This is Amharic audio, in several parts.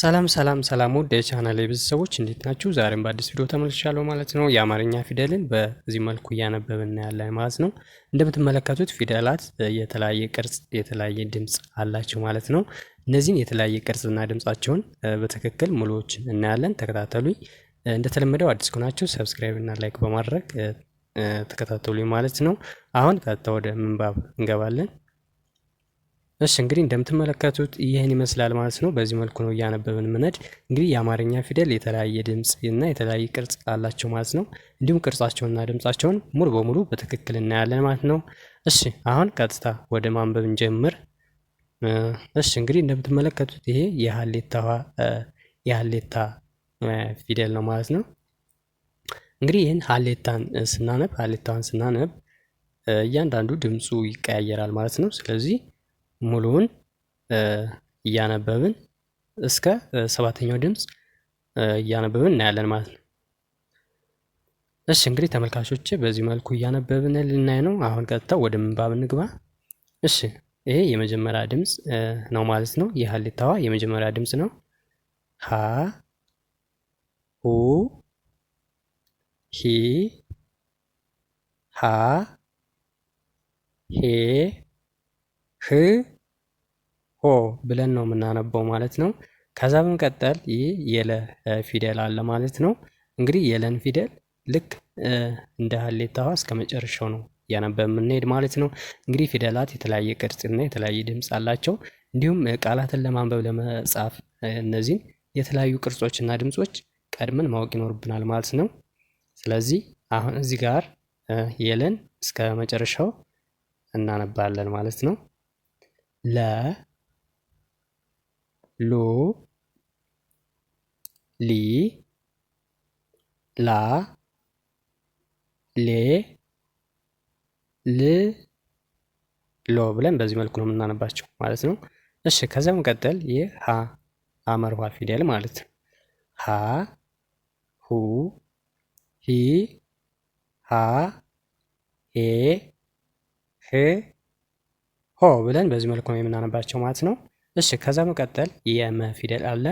ሰላም ሰላም ሰላም ውድ የቻናል ቤተሰቦች እንዴት ናችሁ? ዛሬም በአዲስ ቪዲዮ ተመልሻለሁ ማለት ነው። የአማርኛ ፊደልን በዚህ መልኩ እያነበብ እናያለን ማለት ነው። እንደምትመለከቱት ፊደላት የተለያየ ቅርጽ፣ የተለያየ ድምፅ አላቸው ማለት ነው። እነዚህን የተለያየ ቅርጽና ድምፃቸውን በትክክል ሙሉዎችን እናያለን። ተከታተሉኝ። እንደተለመደው አዲስ ከሆናችሁ ሰብስክራይብ እና ላይክ በማድረግ ተከታተሉኝ ማለት ነው። አሁን ቀጥታ ወደ ምንባብ እንገባለን። እሺ እንግዲህ እንደምትመለከቱት ይህን ይመስላል ማለት ነው። በዚህ መልኩ ነው እያነበብን ምነድ እንግዲህ የአማርኛ ፊደል የተለያየ ድምፅ እና የተለያየ ቅርጽ አላቸው ማለት ነው። እንዲሁም ቅርጻቸውንና ድምፃቸውን ሙሉ በሙሉ በትክክል እናያለን ማለት ነው። እሺ አሁን ቀጥታ ወደ ማንበብ እንጀምር። እሺ እንግዲህ እንደምትመለከቱት ይሄ የሀሌታ ፊደል ነው ማለት ነው። እንግዲህ ይህን ሀሌታን ስናነብ ሀሌታዋን ስናነብ እያንዳንዱ ድምፁ ይቀያየራል ማለት ነው። ስለዚህ ሙሉውን እያነበብን እስከ ሰባተኛው ድምፅ እያነበብን እናያለን ማለት ነው። እሺ እንግዲህ ተመልካቾች በዚህ መልኩ እያነበብን ልናይ ነው። አሁን ቀጥታው ወደ ምንባብ እንግባ። እሺ ይሄ የመጀመሪያ ድምፅ ነው ማለት ነው። የሀሌታዋ የመጀመሪያ ድምፅ ነው። ሀ ሁ ሂ ሃ ሄ ህ ሆ ብለን ነው የምናነበው ማለት ነው። ከዛ በመቀጠል ይህ የለ ፊደል አለ ማለት ነው። እንግዲህ የለን ፊደል ልክ እንደ ሀሌታ እስከ መጨረሻው ነው እያነበ የምንሄድ ማለት ነው። እንግዲህ ፊደላት የተለያየ ቅርጽና የተለያየ ድምፅ አላቸው። እንዲሁም ቃላትን ለማንበብ ለመጻፍ እነዚህን የተለያዩ ቅርጾችና ድምፆች ቀድመን ማወቅ ይኖርብናል ማለት ነው። ስለዚህ አሁን እዚህ ጋር የለን እስከ መጨረሻው እናነባለን ማለት ነው። ለ ሉ ሊ ላ ሌ ል ሎ ብለን በዚህ መልኩ ነው የምናነባቸው ማለት ነው። እሺ ከዚያ መቀጠል የሀ ሀ ፊደል ማለት ነው። ሀ ሁ ሂ ሃ ሄ ህ ሆ ብለን በዚህ መልኩ ነው የምናነባቸው ማለት ነው። እሺ ከዛ መቀጠል የመ ፊደል አለ።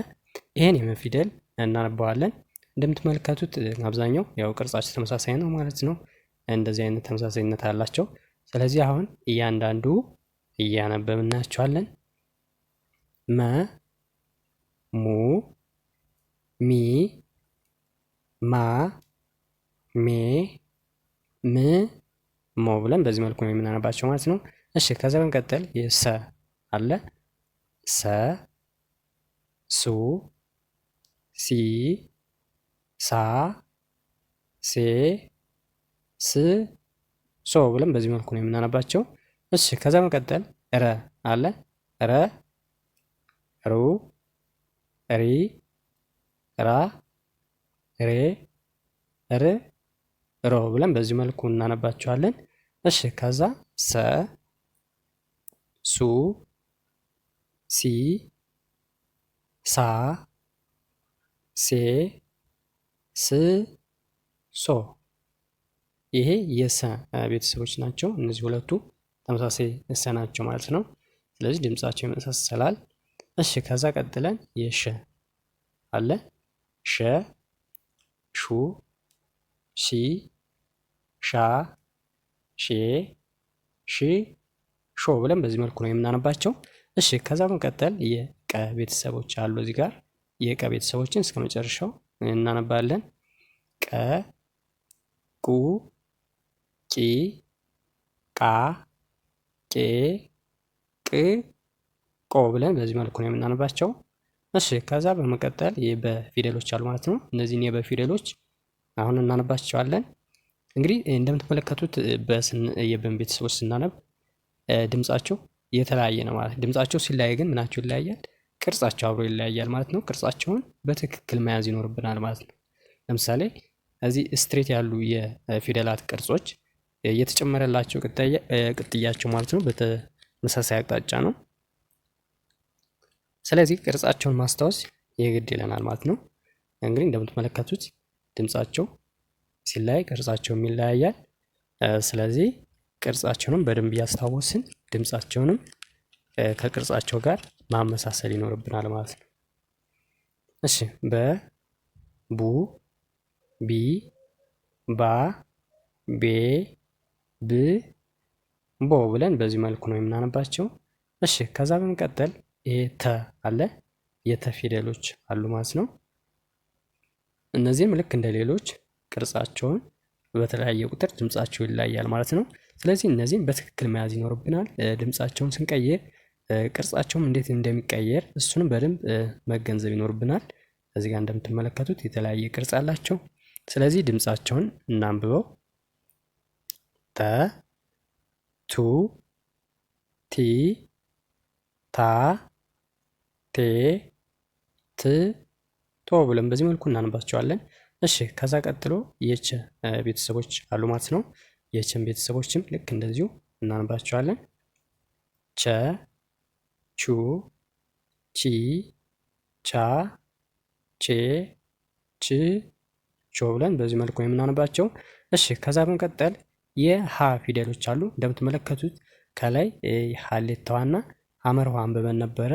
ይሄን የመ ፊደል እናነባዋለን። እንደምትመለከቱት አብዛኛው ያው ቅርጻቸው ተመሳሳይ ነው ማለት ነው። እንደዚህ አይነት ተመሳሳይነት አላቸው። ስለዚህ አሁን እያንዳንዱ እያነበብናቸዋለን። እናያቸዋለን። መ ሙ ሚ ማ ሜ ም ሞ ብለን በዚህ መልኩ ነው የምናነባቸው ማለት ነው። እሺ ከዛ በመቀጠል የሰ አለ ሰ ሱ ሲ ሳ ሴ ስ ሶ ብለን በዚህ መልኩ ነው የምናነባቸው። እሺ ከዛ መቀጠል ረ አለ ረ ሩ ሪ ራ ሬ ር ሮ ብለን በዚህ መልኩ እናነባቸዋለን። እሺ ከዛ ሰ ሱ ሲ ሳ ሴ ስ ሶ ይሄ የሰ ቤተሰቦች ናቸው። እነዚህ ሁለቱ ተመሳሳይ ሰ ናቸው ማለት ነው። ስለዚህ ድምጻቸው ይመሳሰላል። እሺ ከዛ ቀጥለን የሸ አለ ሸ ሹ ሺ ሻ ሼ ሺ ሾ ብለን በዚህ መልኩ ነው የምናነባቸው። እሺ ከዛ በመቀጠል የቀ ቤተሰቦች አሉ። እዚህ ጋር የቀ ቤተሰቦችን እስከ መጨረሻው እናነባለን። ቀ፣ ቁ፣ ቂ፣ ቃ፣ ቄ፣ ቅ፣ ቆ ብለን በዚህ መልኩ ነው የምናነባቸው። እሺ ከዛ በመቀጠል የበ ፊደሎች አሉ ማለት ነው። እነዚህን የበ ፊደሎች አሁን እናነባቸዋለን። እንግዲህ እንደምትመለከቱት የበን ቤተሰቦች ስናነብ ድምጻቸው የተለያየ ነው ማለት ነው። ድምጻቸው ሲለያየ ግን ምናቸው ይለያያል? ቅርጻቸው አብሮ ይለያያል ማለት ነው። ቅርጻቸውን በትክክል መያዝ ይኖርብናል ማለት ነው። ለምሳሌ እዚህ ስትሬት ያሉ የፊደላት ቅርጾች የተጨመረላቸው ቅጥያቸው ማለት ነው በተመሳሳይ አቅጣጫ ነው። ስለዚህ ቅርጻቸውን ማስታወስ የግድ ይለናል ማለት ነው። እንግዲህ እንደምትመለከቱት ድምጻቸው ሲለያይ ቅርጻቸውም ይለያያል። ስለዚህ ቅርጻቸውንም በደንብ እያስታወስን ድምፃቸውንም ከቅርጻቸው ጋር ማመሳሰል ይኖርብናል ማለት ነው። እሺ በ ቡ ቢ ባ ቤ ብ ቦ ብለን በዚህ መልኩ ነው የምናነባቸው። እሺ ከዛ በመቀጠል ኤተ አለ የተ ፊደሎች አሉ ማለት ነው። እነዚህም ልክ እንደ ሌሎች ቅርጻቸውን በተለያየ ቁጥር ድምጻቸው ይለያያል ማለት ነው። ስለዚህ እነዚህን በትክክል መያዝ ይኖርብናል። ድምፃቸውን ስንቀይር ቅርጻቸውም እንዴት እንደሚቀየር እሱንም በደንብ መገንዘብ ይኖርብናል። እዚህ ጋር እንደምትመለከቱት የተለያየ ቅርጽ አላቸው። ስለዚህ ድምፃቸውን እናንብበው ተ ቱ ቲ ታ ቴ ት ቶ ብለን በዚህ መልኩ እናንባቸዋለን። እሺ ከዛ ቀጥሎ የቸ ቤተሰቦች አሉ ማለት ነው። የችን ቤተሰቦችም ልክ እንደዚሁ እናነባቸዋለን። ቸ፣ ቹ፣ ቺ፣ ቻ፣ ቼ፣ ች፣ ቾ ብለን በዚህ መልኩ የምናነባቸው። እሺ ከዛ በመቀጠል የሀ ፊደሎች አሉ። እንደምትመለከቱት ከላይ ሀሌታዋና ሀመርዋ አንብበን ነበረ።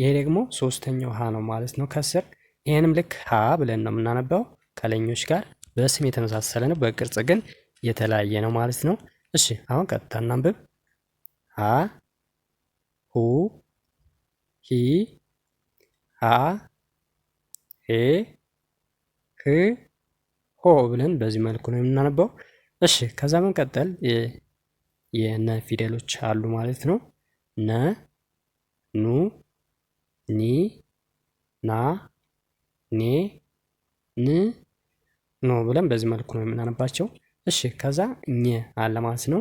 ይሄ ደግሞ ሶስተኛው ሀ ነው ማለት ነው ከስር። ይህንም ልክ ሀ ብለን ነው የምናነባው ከላይኞች ጋር በስም የተመሳሰለ ነው። በቅርጽ ግን የተለያየ ነው ማለት ነው። እሺ አሁን ቀጥታ እናንብብ። ሀ ሁ ሂ ሀ ሄ ህ ሆ ብለን በዚህ መልኩ ነው የምናነባው። እሺ ከዛ በመቀጠል የነ ፊደሎች አሉ ማለት ነው። ነ ኑ ኒ ና ኔ ን ኖ ብለን በዚህ መልኩ ነው የምናነባቸው። እሺ ከዛ ኘ አለ ማለት ነው።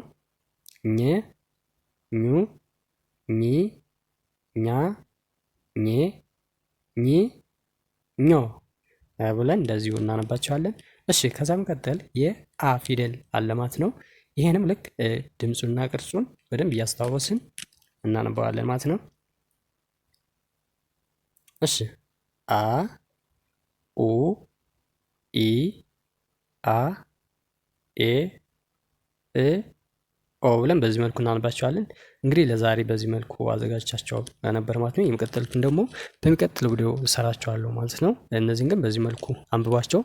ኘ ኙ ኚ ኛ ኘ ኚ ኞ ብለን እንደዚሁ እናነባቸዋለን። እሺ ከዛ መቀጠል የአ ፊደል አለ ማለት ነው። ይሄንም ልክ ድምፁና ቅርጹን በደንብ እያስታወስን እናነባዋለን ማለት ነው። እሺ አ ኡ ኢ አ ኤ እ ኦ ብለን በዚህ መልኩ እናነባቸዋለን። እንግዲህ ለዛሬ በዚህ መልኩ አዘጋጅቻቸው ነበር ማለት ነው። የሚቀጥሉትን ደግሞ በሚቀጥለው ቪዲዮ እሰራቸዋለሁ ማለት ነው። እነዚህን ግን በዚህ መልኩ አንብባቸው።